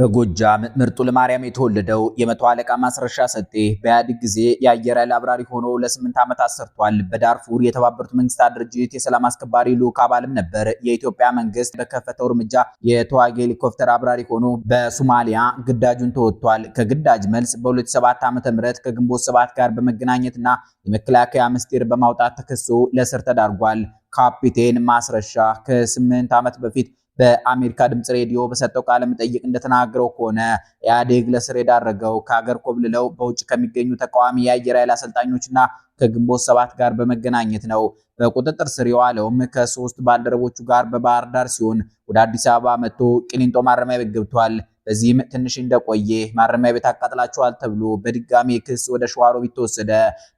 በጎጃም ምርጡ ለማርያም የተወለደው የመቶ አለቃ ማስረሻ ሰጤ በኢህአዴግ ጊዜ የአየር ኃይል አብራሪ ሆኖ ለስምንት ዓመታት ሰርቷል። በዳርፉር የተባበሩት መንግስታት ድርጅት የሰላም አስከባሪ ልዑክ አባልም ነበር። የኢትዮጵያ መንግስት በከፈተው እርምጃ የተዋጊ ሄሊኮፕተር አብራሪ ሆኖ በሶማሊያ ግዳጁን ተወጥቷል። ከግዳጅ መልስ በ2007 ም ከግንቦት ሰባት ጋር በመገናኘትና የመከላከያ ምስጢር በማውጣት ተከሶ ለእስር ተዳርጓል። ካፒቴን ማስረሻ ከስምንት ዓመት በፊት በአሜሪካ ድምፅ ሬዲዮ በሰጠው ቃለ መጠይቅ እንደተናገረው ከሆነ ኢህአዴግ ለስር የዳረገው ከሀገር ኮብልለው በውጭ ከሚገኙ ተቃዋሚ የአየር ኃይል አሰልጣኞችና ከግንቦት ሰባት ጋር በመገናኘት ነው። በቁጥጥር ስር የዋለውም ከሶስት ባልደረቦቹ ጋር በባህር ዳር ሲሆን ወደ አዲስ አበባ መጥቶ ቂሊንጦ ማረሚያ ቤት ገብቷል። በዚህም ትንሽ እንደቆየ ማረሚያ ቤት አቃጥላቸዋል ተብሎ በድጋሚ ክስ ወደ ሸዋሮቢት ተወሰደ።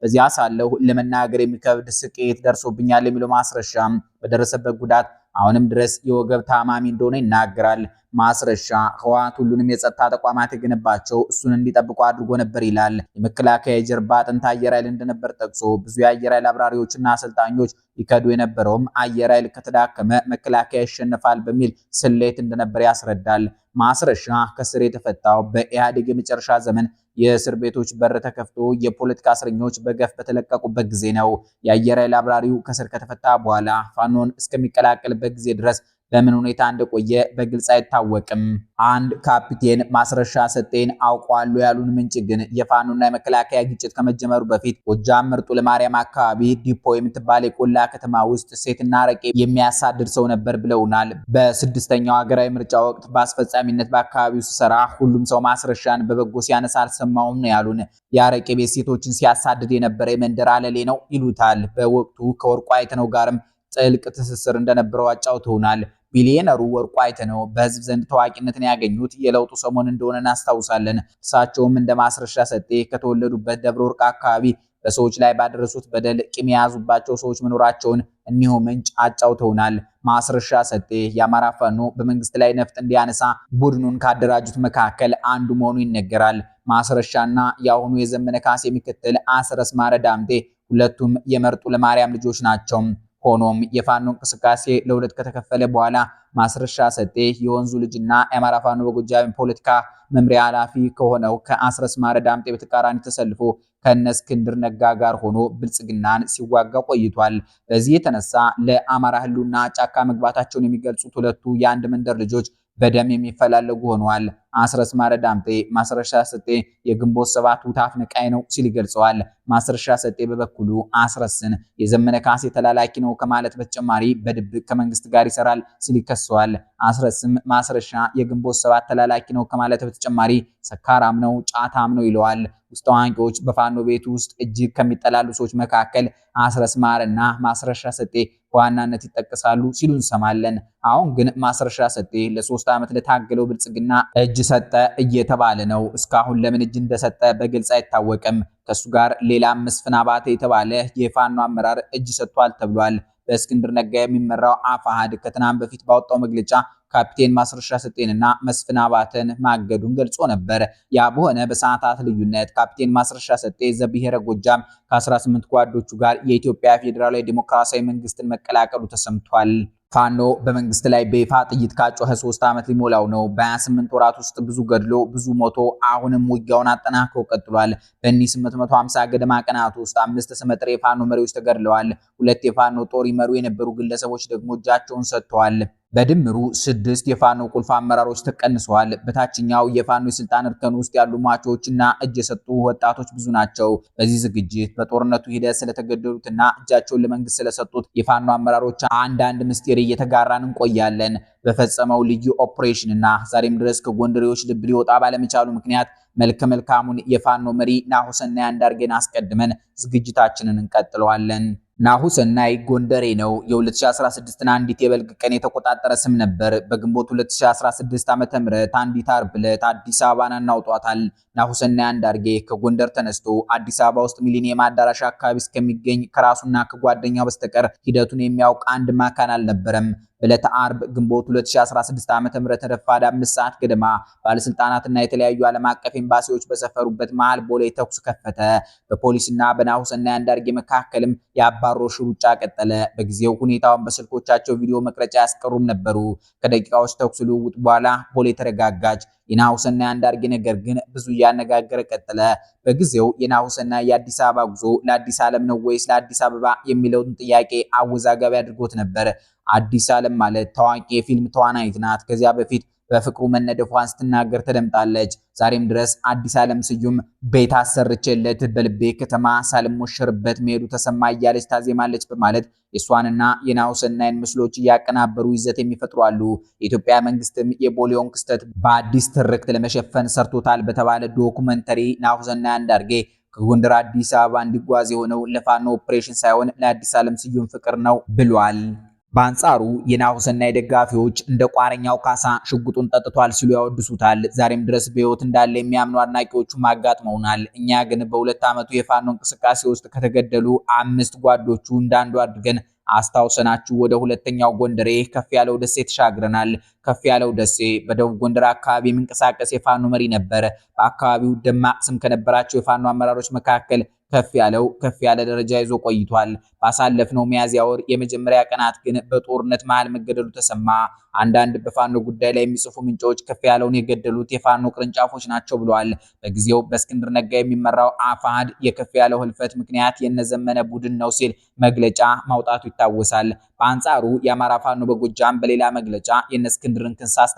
በዚያ ሳለሁ ለመናገር የሚከብድ ስቅየት ደርሶብኛል የሚለው ማስረሻም በደረሰበት ጉዳት አሁንም ድረስ የወገብ ታማሚ እንደሆነ ይናገራል። ማስረሻ ህወሓት ሁሉንም የጸጥታ ተቋማት የገነባቸው እሱን እንዲጠብቁ አድርጎ ነበር ይላል። የመከላከያ የጀርባ አጥንት አየር ኃይል እንደነበር ጠቅሶ ብዙ የአየር ኃይል አብራሪዎችና አሰልጣኞች ይከዱ የነበረውም አየር ኃይል ከተዳከመ መከላከያ ይሸነፋል በሚል ስሌት እንደነበር ያስረዳል። ማስረሻ ከስር የተፈታው በኢህአዴግ የመጨረሻ ዘመን የእስር ቤቶች በር ተከፍቶ የፖለቲካ እስረኞች በገፍ በተለቀቁበት ጊዜ ነው። የአየር ኃይል አብራሪው ከእስር ከተፈታ በኋላ ፋኖን እስከሚቀላቀልበት ጊዜ ድረስ በምን ሁኔታ እንደቆየ በግልጽ አይታወቅም። አንድ ካፒቴን ማስረሻ ሰጤን አውቋሉ ያሉን ምንጭ ግን የፋኖና የመከላከያ ግጭት ከመጀመሩ በፊት ጎጃም ምርጡ ለማርያም አካባቢ ዲፖ የምትባል የቆላ ከተማ ውስጥ ሴትና አረቄ የሚያሳድድ ሰው ነበር ብለውናል። በስድስተኛው ሀገራዊ ምርጫ ወቅት በአስፈጻሚነት በአካባቢው ስሰራ ሁሉም ሰው ማስረሻን በበጎ ሲያነሳ አልሰማውም ነው ያሉን። የአረቄ ቤት ሴቶችን ሲያሳድድ የነበረ የመንደር አለሌ ነው ይሉታል። በወቅቱ ከወርቁ አይተነው ጋርም ጥልቅ ትስስር እንደነበረው አጫውተውናል። ቢሊየነሩ ወርቁ አይተነው በህዝብ ዘንድ ታዋቂነትን ያገኙት የለውጡ ሰሞን እንደሆነ እናስታውሳለን። እሳቸውም እንደ ማስረሻ ሰጤ ከተወለዱበት ደብረ ወርቅ አካባቢ በሰዎች ላይ ባደረሱት በደል ቂም የያዙባቸው ሰዎች መኖራቸውን እኒሁ ምንጭ አጫውተውናል። ማስረሻ ሰጤ የአማራ ፋኖ በመንግስት ላይ ነፍጥ እንዲያነሳ ቡድኑን ካደራጁት መካከል አንዱ መሆኑ ይነገራል። ማስረሻና የአሁኑ የዘመነ ካሴ ምክትል አስረስ ማረ ዳምጤ ሁለቱም የመርጡ ለማርያም ልጆች ናቸው። ሆኖም የፋኖ እንቅስቃሴ ለሁለት ከተከፈለ በኋላ ማስረሻ ሰጤ የወንዙ ልጅና የአማራ ፋኖ በጎጃም ፖለቲካ መምሪያ ኃላፊ ከሆነው ከአስረስ ማረ ዳምጤ በተቃራኒ ተሰልፎ ከነ እስክንድር ነጋ ጋር ሆኖ ብልጽግናን ሲዋጋ ቆይቷል። በዚህ የተነሳ ለአማራ ህሉና ጫካ መግባታቸውን የሚገልጹት ሁለቱ የአንድ መንደር ልጆች በደም የሚፈላለጉ ሆነዋል። አስረስ ማረ ዳምጤ ማስረሻ ሰጤ የግንቦት ሰባት ውታፍ ነቃይ ነው ሲል ይገልጸዋል። ማስረሻ ሰጤ በበኩሉ አስረስን የዘመነ ካሴ ተላላኪ ነው ከማለት በተጨማሪ በድብቅ ከመንግስት ጋር ይሰራል ሲል ይከሰዋል። አስረስም ማስረሻ የግንቦት ሰባት ተላላኪ ነው ከማለት በተጨማሪ ሰካራም ነው፣ ጫታም ነው ይለዋል። ውስጥ አዋቂዎች በፋኖ ቤት ውስጥ እጅግ ከሚጠላሉ ሰዎች መካከል አስረስ ማረና ማስረሻ ሰጤ በዋናነት ይጠቀሳሉ ሲሉ እንሰማለን። አሁን ግን ማስረሻ ሰጤ ለሶስት ዓመት ለታገለው ብልጽግና እጅ ሰጠ እየተባለ ነው። እስካሁን ለምን እጅ እንደሰጠ በግልጽ አይታወቅም። ከእሱ ጋር ሌላ መስፍን አባተ የተባለ የፋኖ አመራር እጅ ሰጥቷል ተብሏል። በእስክንድር ነጋ የሚመራው አፋሃድ ከትናንት በፊት ባወጣው መግለጫ ካፒቴን ማስረሻ ሰጤንና መስፍን አባተን ማገዱን ገልጾ ነበር። ያ በሆነ በሰዓታት ልዩነት ካፒቴን ማስረሻ ሰጤ ዘብሔረ ጎጃም ከ18 ጓዶቹ ጋር የኢትዮጵያ ፌዴራላዊ ዴሞክራሲያዊ መንግስትን መቀላቀሉ ተሰምቷል። ፋኖ በመንግስት ላይ በይፋ ጥይት ካጮኸ ሶስት ዓመት ሊሞላው ነው። በ28 ወራት ውስጥ ብዙ ገድሎ ብዙ ሞቶ አሁንም ውጊያውን አጠናክሮ ቀጥሏል። በእኒህ 850 ገደማ ቀናት ውስጥ አምስት ስመጥር የፋኖ መሪዎች ተገድለዋል። ሁለት የፋኖ ጦር ይመሩ የነበሩ ግለሰቦች ደግሞ እጃቸውን ሰጥተዋል። በድምሩ ስድስት የፋኖ ቁልፍ አመራሮች ተቀንሰዋል። በታችኛው የፋኖ የስልጣን እርከን ውስጥ ያሉ እና እጅ የሰጡ ወጣቶች ብዙ ናቸው። በዚህ ዝግጅት በጦርነቱ ሂደት ስለተገደሉትና እጃቸውን ለመንግስት ስለሰጡት የፋኖ አመራሮች አንዳንድ ምስጢር እየተጋራን እንቆያለን። በፈጸመው ልዩ ኦፕሬሽን እና ዛሬም ድረስ ከጎንደሬዎች ልብ ሊወጣ ባለመቻሉ ምክንያት መልከ መልካሙን የፋኖ መሪ ናሁሰናይ አንዳርጌን አስቀድመን ዝግጅታችንን እንቀጥለዋለን። ናሁሰናይ ጎንደሬ ነው። 2016 አንዲት የበልግ ቀን የተቆጣጠረ ስም ነበር። በግንቦት 2016 ዓ.ም አንዲት ዓርብ ዕለት አዲስ አበባን እናውጧታል። ናሁሰናይ አንዳርጌ ከጎንደር ተነስቶ አዲስ አበባ ውስጥ ሚሊኒየም አዳራሽ አካባቢ እስከሚገኝ ከራሱና ከጓደኛው በስተቀር ሂደቱን የሚያውቅ አንድ ማካናል አልነበረም። በዕለተ አርብ ግንቦት 2016 ዓ.ም ረፋድ አምስት ሰዓት ገደማ ባለስልጣናትና የተለያዩ ዓለም አቀፍ ኤምባሲዎች በሰፈሩበት መሃል ቦሌ ተኩስ ከፈተ። በፖሊስና በናሁሰናይ አንዳርጌ መካከልም የአባሮሽ ሩጫ ቀጠለ። በጊዜው ሁኔታውን በስልኮቻቸው ቪዲዮ መቅረጫ ያስቀሩም ነበሩ። ከደቂቃዎች ተኩስ ልውውጥ በኋላ ቦሌ ተረጋጋች። የናሁሰና አንዳርጌ ነገር ግን ብዙ እያነጋገረ ቀጠለ። በጊዜው የናሁሰና የአዲስ አበባ ጉዞ ለአዲስ ዓለም ነው ወይስ ለአዲስ አበባ የሚለውን ጥያቄ አወዛጋቢ አድርጎት ነበር። አዲስ ዓለም ማለት ታዋቂ የፊልም ተዋናይት ናት። ከዚያ በፊት በፍቅሩ መነደፏን ስትናገር ተደምጣለች። ዛሬም ድረስ አዲስ ዓለም ስዩም ቤት አሰርቼለት በልቤ ከተማ ሳልሞሸርበት መሄዱ ተሰማ እያለች ታዜማለች በማለት የእሷንና የናሁሰናይን ምስሎች እያቀናበሩ ይዘት የሚፈጥሩ አሉ። የኢትዮጵያ መንግስትም የቦሊዮን ክስተት በአዲስ ትርክት ለመሸፈን ሰርቶታል በተባለ ዶኩመንተሪ ናሁሰናይ አንዳርጌ ከጎንደር አዲስ አበባ እንዲጓዝ የሆነው ለፋኖ ኦፕሬሽን ሳይሆን ለአዲስ ዓለም ስዩም ፍቅር ነው ብሏል። በአንጻሩ የናሁሰናይ ደጋፊዎች እንደ ቋረኛው ካሳ ሽጉጡን ጠጥቷል ሲሉ ያወድሱታል። ዛሬም ድረስ በህይወት እንዳለ የሚያምኑ አድናቂዎቹ አጋጥመውናል። እኛ ግን በሁለት ዓመቱ የፋኖ እንቅስቃሴ ውስጥ ከተገደሉ አምስት ጓዶቹ እንዳንዱ አድርገን አስታውሰናችሁ ወደ ሁለተኛው ጎንደሬ ከፍ ያለው ደሴ ተሻግረናል። ከፍ ያለው ደሴ በደቡብ ጎንደር አካባቢ የሚንቀሳቀስ የፋኖ መሪ ነበር። በአካባቢው ደማቅ ስም ከነበራቸው የፋኖ አመራሮች መካከል ከፍ ያለው ከፍ ያለ ደረጃ ይዞ ቆይቷል። ባሳለፍነው ሚያዝያ ወር የመጀመሪያ ቀናት ግን በጦርነት መሃል መገደሉ ተሰማ። አንዳንድ በፋኖ ጉዳይ ላይ የሚጽፉ ምንጮች ከፍ ያለውን የገደሉት የፋኖ ቅርንጫፎች ናቸው ብለዋል። በጊዜው በእስክንድር ነጋ የሚመራው አፋድ የከፍ ያለው ህልፈት ምክንያት የነዘመነ ቡድን ነው ሲል መግለጫ ማውጣቱ ይታወሳል። በአንጻሩ የአማራ ፋኖ በጎጃም በሌላ መግለጫ የነ እስክንድርን ክንሳስ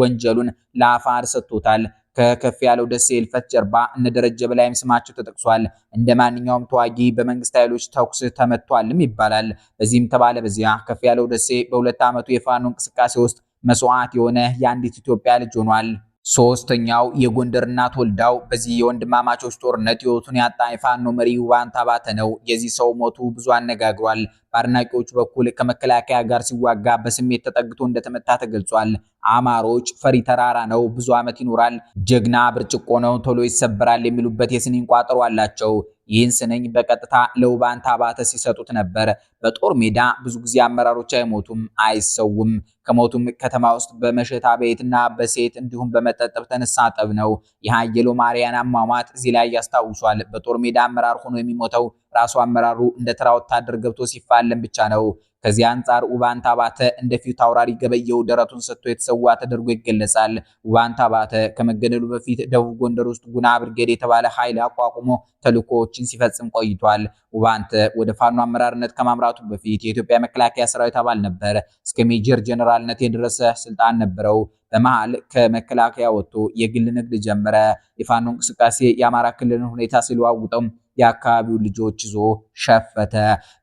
ወንጀሉን ለአፋድ ሰጥቶታል። ከከፍ ያለው ደሴ ህልፈት ጀርባ እነ ደረጀ በላይም ስማቸው ተጠቅሷል። እንደ ማንኛውም ተዋጊ በመንግስት ኃይሎች ተኩስ ተመቷልም ይባላል። በዚህም ተባለ በዚያ ከፍ ያለው ደሴ በሁለት ዓመቱ የፋኖ እንቅስቃሴ ውስጥ መስዋዕት የሆነ የአንዲት ኢትዮጵያ ልጅ ሆኗል። ሶስተኛው የጎንደር እናት ወልዳው በዚህ የወንድማማቾች ጦርነት ህይወቱን ያጣ የፋኖ መሪ ውባንታ ባተ ነው። የዚህ ሰው ሞቱ ብዙ አነጋግሯል። በአድናቂዎቹ በኩል ከመከላከያ ጋር ሲዋጋ በስሜት ተጠግቶ እንደተመታ ተገልጿል። አማሮች ፈሪ ተራራ ነው፣ ብዙ ዓመት ይኖራል፣ ጀግና ብርጭቆ ነው፣ ቶሎ ይሰበራል የሚሉበት የስንኝ ቋጠሮ አላቸው። ይህን ስንኝ በቀጥታ ለውባንታ አባተ ሲሰጡት ነበር። በጦር ሜዳ ብዙ ጊዜ አመራሮች አይሞቱም፣ አይሰውም። ከሞቱም ከተማ ውስጥ በመሸታ ቤትና በሴት እንዲሁም በመጠጠብ ተነሳ ጠብ ነው። የሀየሎ ማርያን አሟሟት እዚህ ላይ ያስታውሷል። በጦር ሜዳ አመራር ሆኖ የሚሞተው ራሱ አመራሩ እንደ ተራ ወታደር ገብቶ ሲፋለም ብቻ ነው። ከዚህ አንጻር ውባንታ ባተ እንደ ፊት አውራሪ ገበየው ደረቱን ሰጥቶ የተሰዋ ተደርጎ ይገለጻል። ውባንታ ባተ ከመገደሉ በፊት ደቡብ ጎንደር ውስጥ ጉና ብርጌድ የተባለ ኃይል አቋቁሞ ተልኮዎችን ሲፈጽም ቆይቷል። ውባንተ ወደ ፋኖ አመራርነት ከማምራቱ በፊት የኢትዮጵያ መከላከያ ሰራዊት አባል ነበር። እስከ ሜጀር ጀነራልነት የደረሰ ስልጣን ነበረው። በመሃል ከመከላከያ ወጥቶ የግል ንግድ ጀመረ። የፋኖ እንቅስቃሴ የአማራ ክልልን ሁኔታ ሲለዋውጠው የአካባቢውን ልጆች ይዞ ሸፈተ።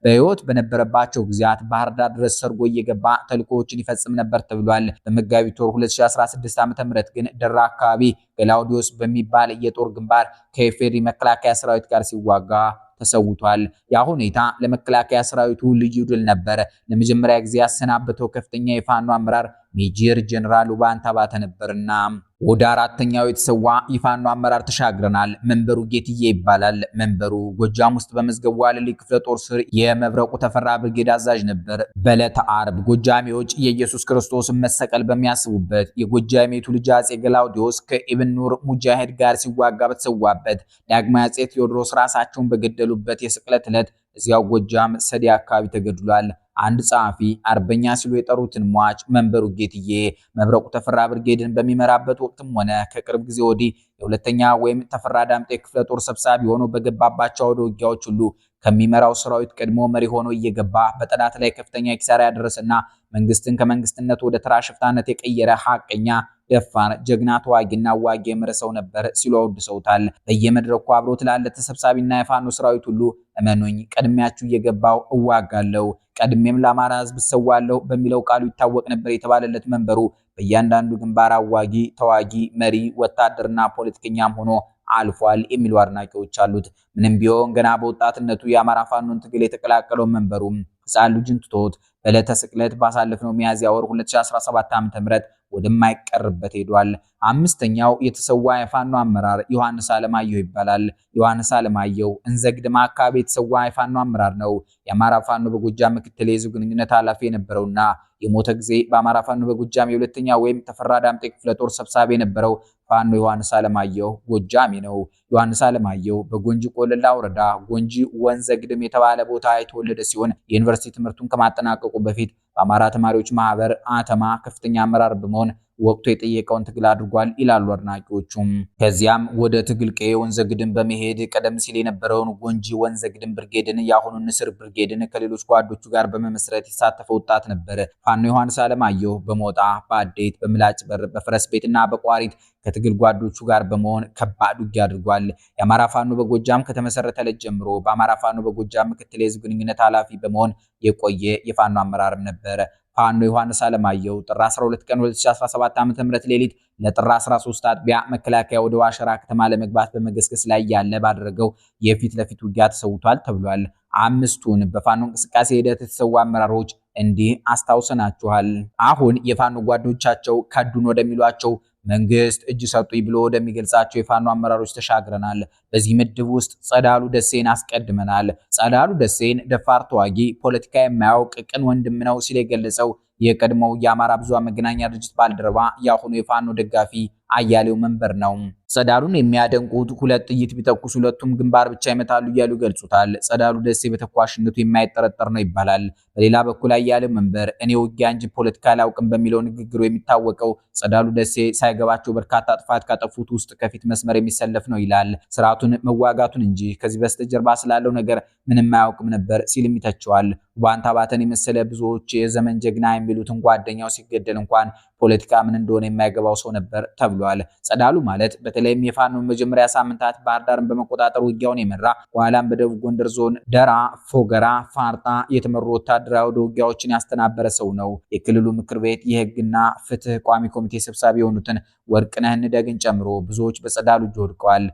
በህይወት በነበረባቸው ጊዜያት ባህር ዳር ድረስ ሰርጎ እየገባ ተልኮዎችን ይፈጽም ነበር ተብሏል። በመጋቢት ወር 2016 ዓ.ም ግን ደራ አካባቢ ገላውዲዮስ በሚባል የጦር ግንባር ከኤፌሪ መከላከያ ሰራዊት ጋር ሲዋጋ ተሰውቷል። ያ ሁኔታ ለመከላከያ ሰራዊቱ ልዩ ድል ነበር። ለመጀመሪያ ጊዜ ያሰናበተው ከፍተኛ የፋኖ አመራር ሜጀር ጀነራል ውባንታ ባተ ነበርና ወደ አራተኛው የተሰዋ የፋኖ አመራር ተሻግረናል። መንበሩ ጌትዬ ይባላል። መንበሩ ጎጃም ውስጥ በመዝገቡ አለልይ ክፍለ ጦር ስር የመብረቁ ተፈራ ብርጌድ አዛዥ ነበር። በዕለተ ዓርብ ጎጃሜዎች የኢየሱስ ክርስቶስን መሰቀል በሚያስቡበት የጎጃሜቱ ልጅ አጼ ገላውዲዮስ ከኢብን ኑር ሙጃሂድ ጋር ሲዋጋ በተሰዋበት ዳግማዊ አጼ ቴዎድሮስ ራሳቸውን በገደሉበት የስቅለት ዕለት እዚያው ጎጃም ሰዴ አካባቢ ተገድሏል። አንድ ጸሐፊ አርበኛ ሲሉ የጠሩትን ሟች መንበሩ ጌትዬ መብረቁ ተፈራ ብርጌድን በሚመራበት ወቅትም ሆነ ከቅርብ ጊዜ ወዲህ የሁለተኛ ወይም ተፈራ ዳምጤ ክፍለ ጦር ሰብሳቢ ሆኖ በገባባቸው ወደ ውጊያዎች ሁሉ ከሚመራው ሰራዊት ቀድሞ መሪ ሆኖ እየገባ በጠላት ላይ ከፍተኛ ኪሳራ ያደረሰና መንግስትን ከመንግስትነት ወደ ተራ ሽፍታነት የቀየረ ሀቀኛ ደፋር ጀግና ተዋጊና ዋጊ የምረሰው ነበር ሲሉ አወድሰውታል። በየመድረኩ አብሮ ትላለ ተሰብሳቢና የፋኖ ሰራዊት ሁሉ እመኑኝ ቀድሜያችሁ እየገባው እዋጋለሁ፣ ቀድሜም ለአማራ ህዝብ እሰዋለሁ በሚለው ቃሉ ይታወቅ ነበር የተባለለት መንበሩ በእያንዳንዱ ግንባር አዋጊ፣ ተዋጊ፣ መሪ፣ ወታደርና ፖለቲከኛም ሆኖ አልፏል የሚሉ አድናቂዎች አሉት። ምንም ቢሆን ገና በወጣትነቱ የአማራ ፋኖን ትግል የተቀላቀለው መንበሩም ህፃን ልጅን ትቶት በዕለተ ስቅለት ባሳለፍነው ሚያዝያ ወር 2017 ዓ.ም ወደማይቀርበት ሄዷል። አምስተኛው የተሰዋ የፋኖ አመራር ዮሐንስ አለማየሁ ይባላል። ዮሐንስ አለማየሁ እንዘግድማ አካባቢ የተሰዋ የፋኖ አመራር ነው። የአማራ ፋኖ በጎጃም ምክትል የህዝብ ግንኙነት ኃላፊ የነበረውና የሞተ ጊዜ በአማራ ፋኖ በጎጃም የሁለተኛ ወይም ተፈራ ዳምጤ ክፍለ ጦር ሰብሳቢ የነበረው ፋኖ ዮሐንስ አለማየሁ ጎጃሚ ነው። ዮሐንስ አለማየሁ በጎንጂ ቆለላ ወረዳ ጎንጂ ወንዘግድም የተባለ ቦታ የተወለደ ሲሆን የዩኒቨርሲቲ ትምህርቱን ከማጠናቀቁ በፊት በአማራ ተማሪዎች ማህበር አተማ ከፍተኛ አመራር በመሆን ወቅቱ የጠየቀውን ትግል አድርጓል ይላሉ አድናቂዎቹም። ከዚያም ወደ ትግል ቀዬ ወንዘግድን በመሄድ ቀደም ሲል የነበረውን ጎንጂ ወንዘግድን ብርጌድን የአሁኑን ንስር ብርጌድን ከሌሎች ጓዶቹ ጋር በመመስረት የተሳተፈ ወጣት ነበር። ፋኖ ዮሐንስ አለማየሁ በሞጣ በአዴት በምላጭ በር በፈረስ ቤትና በቋሪት ከትግል ጓዶቹ ጋር በመሆን ከባድ ውጊያ አድርጓል። የአማራ ፋኖ በጎጃም ከተመሰረተ ዕለት ጀምሮ በአማራ ፋኖ በጎጃም ምክትል የህዝብ ግንኙነት ኃላፊ በመሆን የቆየ የፋኖ አመራርም ነበር። ፋኖ ዮሐንስ አለማየሁ ጥር 12 ቀን 2017 ዓ.ም ሌሊት ለጥር 13 አጥቢያ መከላከያ ወደ ዋሸራ ከተማ ለመግባት በመገስገስ ላይ ያለ ባደረገው የፊት ለፊት ውጊያ ተሰውቷል ተብሏል። አምስቱን በፋኖ እንቅስቃሴ ሂደት የተሰዉ አመራሮች እንዲህ አስታውሰናችኋል። አሁን የፋኖ ጓዶቻቸው ከዱን ወደሚሏቸው መንግስት እጅ ሰጡኝ ብሎ ወደሚገልጻቸው የፋኖ አመራሮች ተሻግረናል። በዚህ ምድብ ውስጥ ጸዳሉ ደሴን አስቀድመናል። ጸዳሉ ደሴን ደፋር ተዋጊ፣ ፖለቲካ የማያውቅ ቅን ወንድም ነው ሲል የገለጸው የቀድሞው የአማራ ብዙሃን መገናኛ ድርጅት ባልደረባ የአሁኑ የፋኖ ደጋፊ አያሌው መንበር ነው። ጸዳሉን የሚያደንቁት ሁለት ጥይት ቢተኩስ ሁለቱም ግንባር ብቻ ይመታሉ እያሉ ይገልጹታል። ጸዳሉ ደሴ በተኳሽነቱ የማይጠረጠር ነው ይባላል። በሌላ በኩል አያሌው መንበር እኔ ውጊያ እንጂ ፖለቲካ አላውቅም በሚለው ንግግሩ የሚታወቀው ጸዳሉ ደሴ ሳይገባቸው በርካታ ጥፋት ካጠፉት ውስጥ ከፊት መስመር የሚሰለፍ ነው ይላል። ስርዓቱን መዋጋቱን እንጂ ከዚህ በስተጀርባ ስላለው ነገር ምንም አያውቅም ነበር ሲልም ይተቸዋል። ውባንታ ባተን የመሰለ ብዙዎች የዘመን ጀግና የሚሉትን ጓደኛው ሲገደል እንኳን ፖለቲካ ምን እንደሆነ የማይገባው ሰው ነበር ተብሏል። ጸዳሉ ማለት በተለይም የፋኖ መጀመሪያ ሳምንታት ባህር ዳርን በመቆጣጠር ውጊያውን የመራ በኋላም በደቡብ ጎንደር ዞን ደራ፣ ፎገራ፣ ፋርጣ የተመሩ ወታደራዊ ወደ ውጊያዎችን ያስተናበረ ሰው ነው። የክልሉ ምክር ቤት የህግና ፍትህ ቋሚ ኮሚቴ ሰብሳቢ የሆኑትን ወርቅነህ ንደግን ጨምሮ ብዙዎች በጸዳሉ እጅ ወድቀዋል።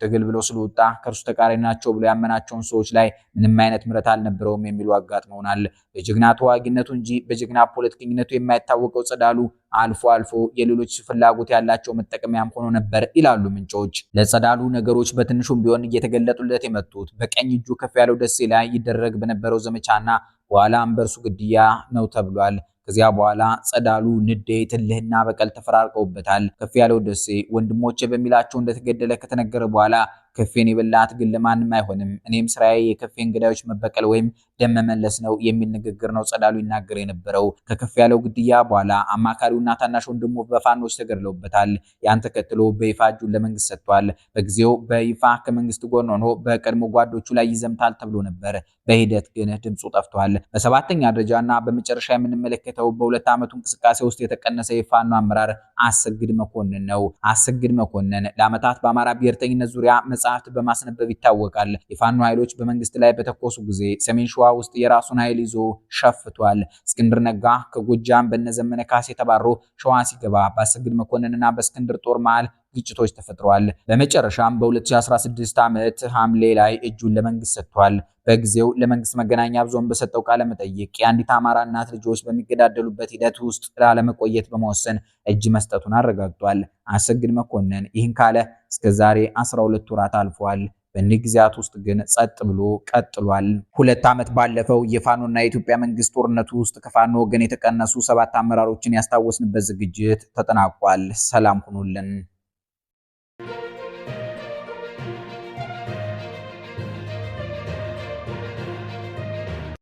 ትግል ብሎ ስለወጣ ከእርሱ ተቃራኒ ናቸው ብሎ ያመናቸውን ሰዎች ላይ ምንም አይነት ምረት አልነበረውም የሚሉ አጋጥመውናል። በጀግና ተዋጊነቱ እንጂ በጀግና ፖለቲከኝነቱ የማይታወቀው ጸዳሉ አልፎ አልፎ የሌሎች ፍላጎት ያላቸው መጠቀሚያም ሆኖ ነበር ይላሉ ምንጮች። ለጸዳሉ ነገሮች በትንሹም ቢሆን እየተገለጡለት የመጡት በቀኝ እጁ ከፍ ያለው ደሴ ላይ ይደረግ በነበረው ዘመቻና በኋላም በእርሱ ግድያ ነው ተብሏል። ከዚያ በኋላ ጸዳሉ፣ ንዴት፣ እልህና በቀል ተፈራርቀውበታል። ከፍ ያለው ደሴ ወንድሞቼ በሚላቸው እንደተገደለ ከተነገረ በኋላ ከፌን የበላት ግን ለማንም አይሆንም። እኔም ስራዬ የከፌ እንግዳዮች መበቀል ወይም ደም መመለስ ነው የሚል ንግግር ነው ጸዳሉ ይናገር የነበረው። ከከፍ ያለው ግድያ በኋላ አማካሪውና ታናሽ ወንድሞ በፋኖች ተገድለውበታል። ያን ተከትሎ በይፋ እጁን ለመንግስት ሰጥቷል። በጊዜው በይፋ ከመንግስት ጎን ሆኖ በቀድሞ ጓዶቹ ላይ ይዘምታል ተብሎ ነበር። በሂደት ግን ድምፁ ጠፍቷል። በሰባተኛ ደረጃና በመጨረሻ የምንመለከተው በሁለት ዓመቱ እንቅስቃሴ ውስጥ የተቀነሰ የፋኖ አመራር አሰግድ መኮንን ነው። አሰግድ መኮንን ለዓመታት በአማራ ብሔርተኝነት ዙሪያ መጽ መጽሐፍት በማስነበብ ይታወቃል። የፋኖ ኃይሎች በመንግስት ላይ በተኮሱ ጊዜ ሰሜን ሸዋ ውስጥ የራሱን ኃይል ይዞ ሸፍቷል። እስክንድር ነጋ ከጎጃም በነዘመነ ካሴ ተባሮ ሸዋ ሲገባ በአሰግድ መኮንንና በእስክንድር ጦር መሃል ግጭቶች ተፈጥረዋል። በመጨረሻም በ2016 ዓመት ሐምሌ ላይ እጁን ለመንግስት ሰጥቷል። በጊዜው ለመንግስት መገናኛ ብዙኃን በሰጠው ቃለ መጠይቅ የአንዲት አማራ እናት ልጆች በሚገዳደሉበት ሂደት ውስጥ ላለመቆየት በመወሰን እጅ መስጠቱን አረጋግጧል። አሰግድ መኮንን ይህን ካለ እስከ ዛሬ 12 ወራት አልፏል። በእኒህ ጊዜያት ውስጥ ግን ጸጥ ብሎ ቀጥሏል። ሁለት ዓመት ባለፈው የፋኖና የኢትዮጵያ መንግስት ጦርነቱ ውስጥ ከፋኖ ወገን የተቀነሱ ሰባት አመራሮችን ያስታወስንበት ዝግጅት ተጠናቋል። ሰላም ሁኑልን።